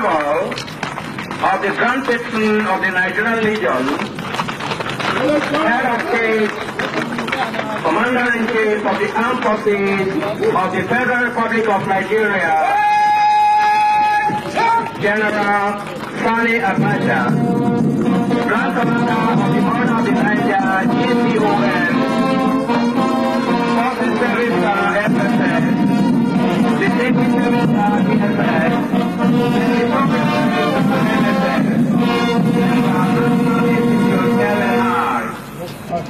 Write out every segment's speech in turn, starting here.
arrival of the drum of the National Legion, head of state, commander-in-chief of the armed forces of the Federal Republic of Nigeria, General Sani Abacha, Grand Commander of the Order of the Niger, GCON, Forces Service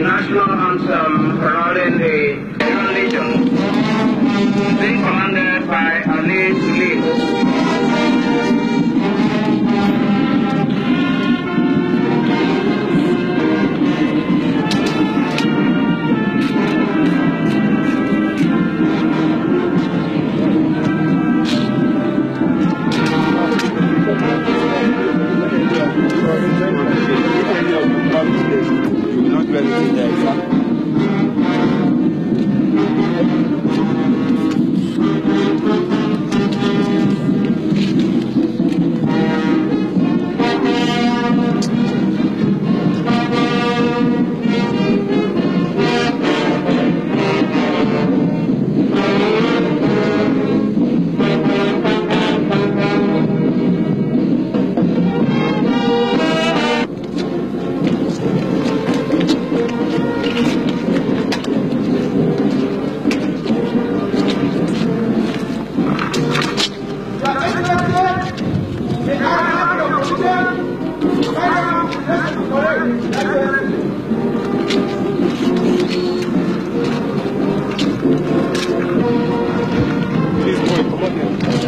national anthem heralding the new nation. Please, boy, come on here.